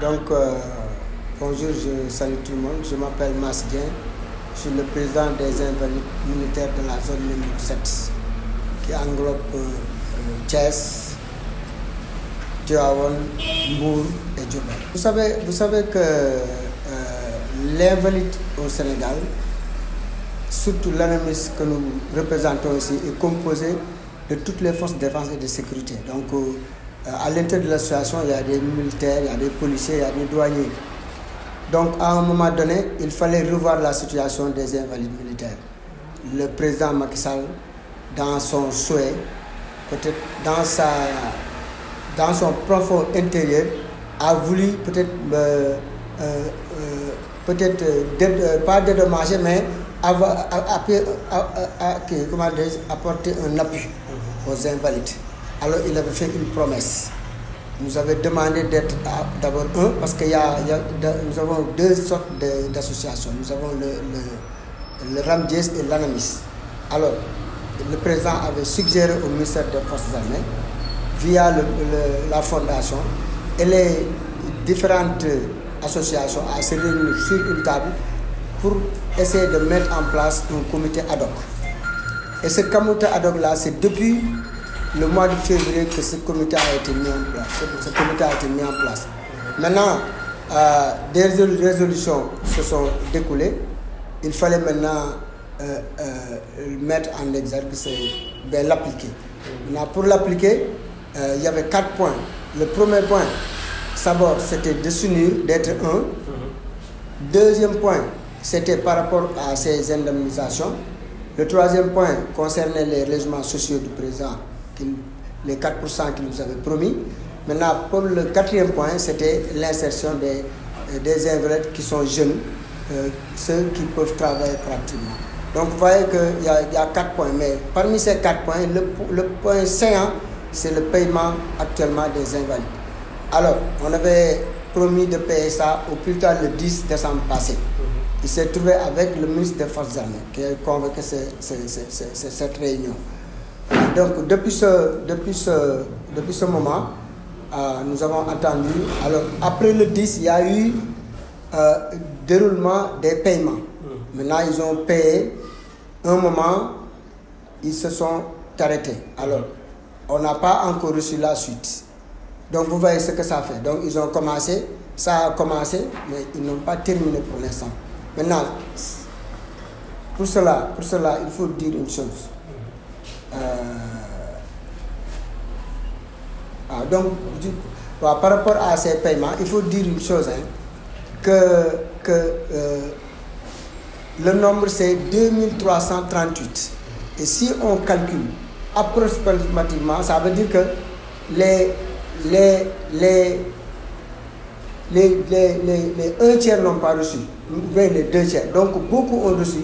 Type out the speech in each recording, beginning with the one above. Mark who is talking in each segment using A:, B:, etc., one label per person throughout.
A: Donc, euh, bonjour, je salue tout le monde. Je m'appelle Masdien. Je suis le président des invalides militaires de la zone numéro 7, qui englobe euh, Thiès, Tiawan, et Djouba. Vous savez, vous savez que euh, l'invalide au Sénégal, surtout l'armée que nous représentons ici, est composé de toutes les forces de défense et de sécurité. Donc, euh, à l'intérieur de la situation, il y a des militaires, il y a des policiers, il y a des douaniers. Donc, à un moment donné, il fallait revoir la situation des invalides militaires. Le président Macky Sall, dans son souhait, peut-être dans, sa, dans son profond intérieur, a voulu peut-être, peut-être pas dédommager, mais apporter un appui aux invalides alors il avait fait une promesse. Il nous avait demandé d'être d'abord un, parce que nous avons deux sortes d'associations. Nous avons le, le, et l'Anamis. Alors, le président avait suggéré au ministère des Forces armées, via la fondation, et les différentes associations à se réunir sur une table pour essayer de mettre en place un comité ad hoc. Et ce comité ad hoc-là, c'est depuis le mois de février que ce comité a été mis en place. Ce, a mis en place. Maintenant, euh, des résolutions se sont découlées. Il fallait maintenant euh, euh, mettre en exergue, ben, l'appliquer. pour l'appliquer, il y avait quatre points. Le premier point, savoir, c'était de s'unir, d'être un. Deuxième point, c'était par rapport à ces indemnisations. Le troisième point concernait les régimes sociaux du présent les 4% qu'ils nous avaient promis. Maintenant, pour le quatrième point, c'était l'insertion des, euh, des invalides qui sont jeunes, euh, ceux qui peuvent travailler pratiquement. Donc vous voyez qu'il y, a 4 points, mais parmi ces quatre points, le, le point 5, c'est le paiement actuellement des invalides. Alors, on avait promis de payer ça au plus tard le 10 décembre passé. Il s'est trouvé avec le ministre des Forces armées qui a convoqué cette réunion. Donc depuis ce, depuis depuis ce moment, euh, nous avons attendu. Alors après le 10, il y a eu euh, déroulement des paiements. Hmm. Maintenant, ils ont payé. Un moment, ils se sont arrêtés. Alors, on n'a pas encore reçu la suite. Donc, vous voyez ce que ça fait. Donc, ils ont commencé, ça a commencé, mais ils n'ont pas terminé pour l'instant. Maintenant, pour cela, pour cela, il faut dire une chose. Euh, ah, donc, par rapport à ces paiements, il faut dire une chose, hein, que, que euh, le nombre c'est 2338. Et si on calcule approximativement, ça veut dire que les, les, les, les, les, un tiers n'ont pas reçu, mais les deux tiers. Donc beaucoup ont reçu,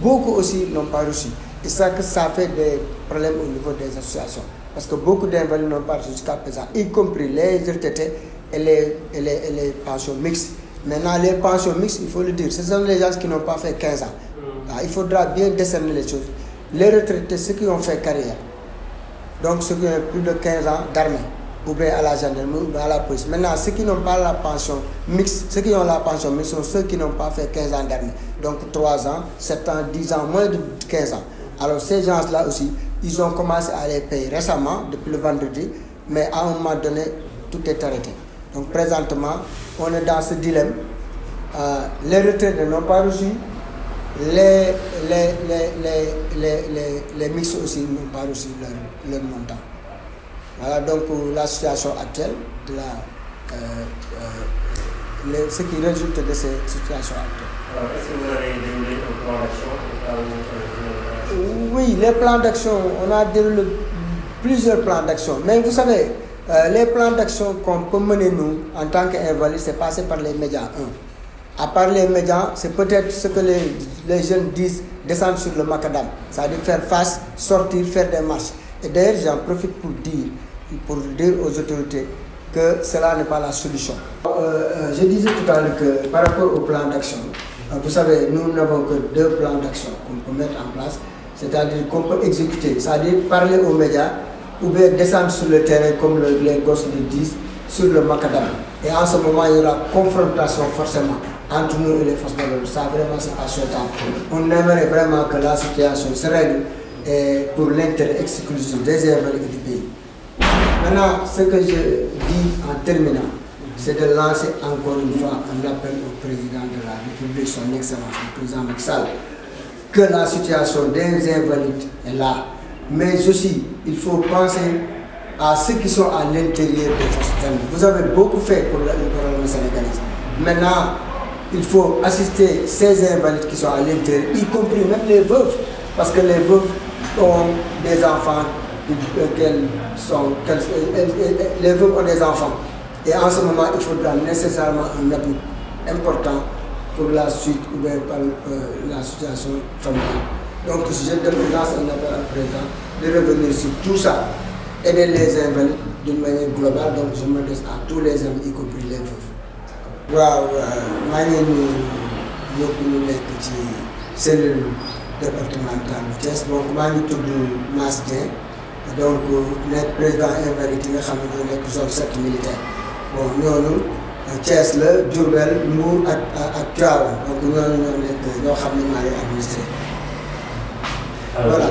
A: beaucoup aussi n'ont pas reçu. C'est ça, que ça fait des problèmes au niveau des associations. Parce que beaucoup d'invalides n'ont pas jusqu'à présent, y compris les RTT et les, pensions mixtes. Maintenant, les pensions mixtes, il faut le dire, ce sont les gens qui n'ont pas fait 15 ans. Ah, il faudra bien décerner les choses. Les retraités, ceux qui ont fait carrière, donc ceux qui ont plus de 15 ans d'armée, ou bien à la gendarmerie, ou à la police. Maintenant, ceux qui n'ont pas la pension mixte, ceux qui ont la pension mixte sont ceux qui n'ont pas fait 15 ans d'armée. Donc 3 ans, 7 ans, 10 ans, moins de 15 ans. Alors ces gens-là aussi, ils ont commencé à les payer récemment, depuis le vendredi, mais à un moment donné, tout est arrêté. Donc présentement, on est dans ce dilemme. Euh, les retraités n'ont pas reçu, les, les, les, les, les aussi n'ont pas reçu leur, montant. Voilà donc la situation actuelle, de la, euh, euh, ce qui résulte de cette situation actuelle. Alors, est-ce que vous avez une oui, les plans d'action, on a déroulé plusieurs plans d'action. Mais vous savez, euh, les plans d'action qu'on peut mener nous en tant qu'invalides, c'est passer par les médias. À part les médias, c'est peut-être ce que les, jeunes disent, descendre sur le macadam. C'est-à-dire faire face, sortir, faire des marches. Et d'ailleurs, j'en profite pour dire, pour dire aux autorités que cela n'est pas la solution. Euh, euh, je disais tout à l'heure que par rapport au plan d'action, vous savez, nous n'avons que deux plans d'action qu'on peut mettre en place c'est-à-dire qu'on peut exécuter, c'est-à-dire parler aux médias ou bien descendre sur le terrain comme les gosses le disent, sur le macadam. Et en ce moment, il y aura confrontation forcément entre nous et les forces de l'ordre. Ça, vraiment, c'est ce On aimerait vraiment que la situation se et pour l'intérêt exclusif des du pays. Maintenant, ce que je dis en terminant, c'est de lancer encore une fois un appel au président de la République, son Excellence, le président Maxal, que la situation des invalides est là. Mais aussi, il faut penser à ceux qui sont à l'intérieur des forces Vous avez beaucoup fait pour gouvernement sénégalais. Maintenant, il faut assister ces invalides qui sont à l'intérieur, y compris même les veuves, parce que les veuves ont des enfants, euh, sont, euh, les veuves ont des enfants. Et en ce moment, il faudra nécessairement un appui important pour la suite ou bien par euh, la situation familiale. Donc je on à appel à présent de revenir sur tout ça, aider les invalides d'une manière globale, donc je m'adresse à tous les invalides, y compris les veuves. waouh maintenant suis nuyu à ñu nekk ci cellule départementale Je suis donc maa ngi tudd Mass donc le président invalide yi nga xam ne ñoo nekk zone sept nous bon Thiès la Diourbel Mbour ak ak Tivaouane donc ñooñu ñoo nekk ñoo xam ne maa ngi administré. voilà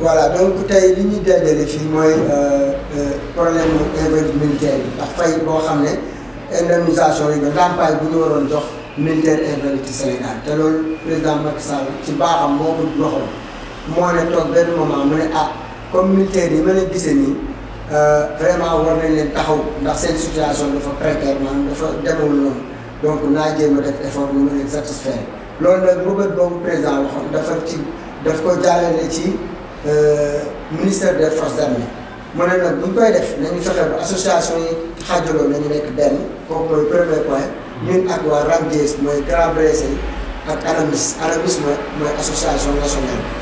A: voilà donc tey li ñuy dajale fii mooy euh, euh, problème invalide militaire bi ndax fay boo xam ne indemnisation yi nga ndàmpaay bu ñu waroon jox militaire invalide ci Sénégal te loolu président Macky Sall ci baaxam moo ko doxal moo ne toog benn moment mu ne ah comme militaire yi mën a gisee nii. Euh, vraiment woon nañ leen taxaw ndax seen situation dafa précaire maanaam dafa demul noonu donc naa jéem a def effort mu mën leen satisfaire loolu nag bëgg boobu président waxoon dafa ci daf ko jàllale ci euh, ministère des forces armées mu ne nag bu mu koy def nañu fexe association yi xaajaloo nañu nekk benn kooku mooy premier point ñun ak waa RAMDIES mooy Grand Brassens ak ANAMIS ANAMIS mooy association nationale.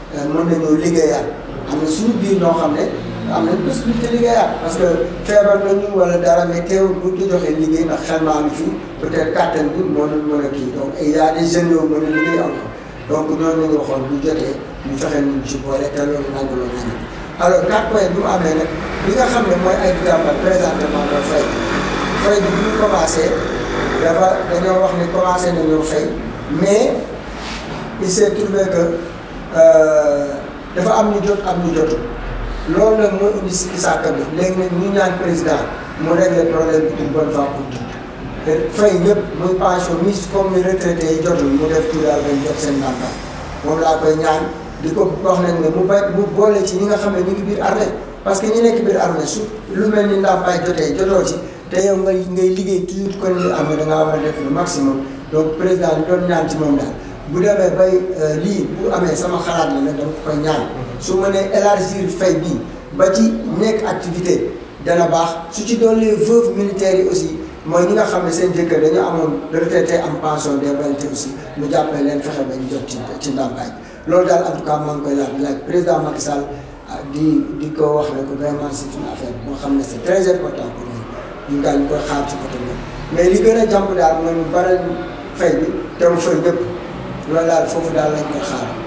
A: Euh, mën nañoo liggéeyaat am na suñu biir noo xam ne am nañ possibilité liggéeyaat parce que feebar nañu wala dara mais teewul bu ñu joxee liggéey ndax xel maa ngi fi peut-être kàttan bi moo leen mën a kii donc il y a des a liggéey encore waxoon bu jotee ñu fexe ñu ci boole te loolu bu mu amee nag li nga xam ne mooy ay jàmbat présentement mooy fay fay bi bu dafa dañoo wax ni commencé nañoo fay mais il s'est trouvé que. Euh, dafa am ñu jot am ñu jotu loolu nag mooy indi si sàkk bi léegi nag ñu ñaan président mu régler problème bi d'une bonne fois pour toutes te fay ñëpp muy pension mis comme ni retraité yi jotul mu def tuuti daal jot seen mandat moom laa koy ñaan di ko wax nañ ne mu bay mu boole ci ñi nga xam ne ñu ngi biir armée parce que ñi nekk biir armée su lu mel ni ndàmpaay jotee jotoo ci te yow ngay ngay liggéey toujours ko li am da ngaa war a def le maximum donc président li doon ñaan ci moom daal. bu amee bay euh, lii bu amee sama xalaat la nag dama koy ñaan su ma nee élargir fay bi ba ci nekk activité dana baax su ci dolli veuve militaire yi aussi mooy ñi nga xam ne seen jëkkër dañu amoon retraité am pension d'invalidité aussi mu jàppale leen fexe ba ñu jot ci ci ndàmpaay loolu daal en tout cas maa ngi koy laaj laaj président Macky Sall ah, di di ko wax ne ko vraiment c'est une affaire boo xam ne c'est très important pour ñun ñu daal ñu koy xaar ci côté mais li gën a jàmp daal mooy bi te mu loolu daal foofu daal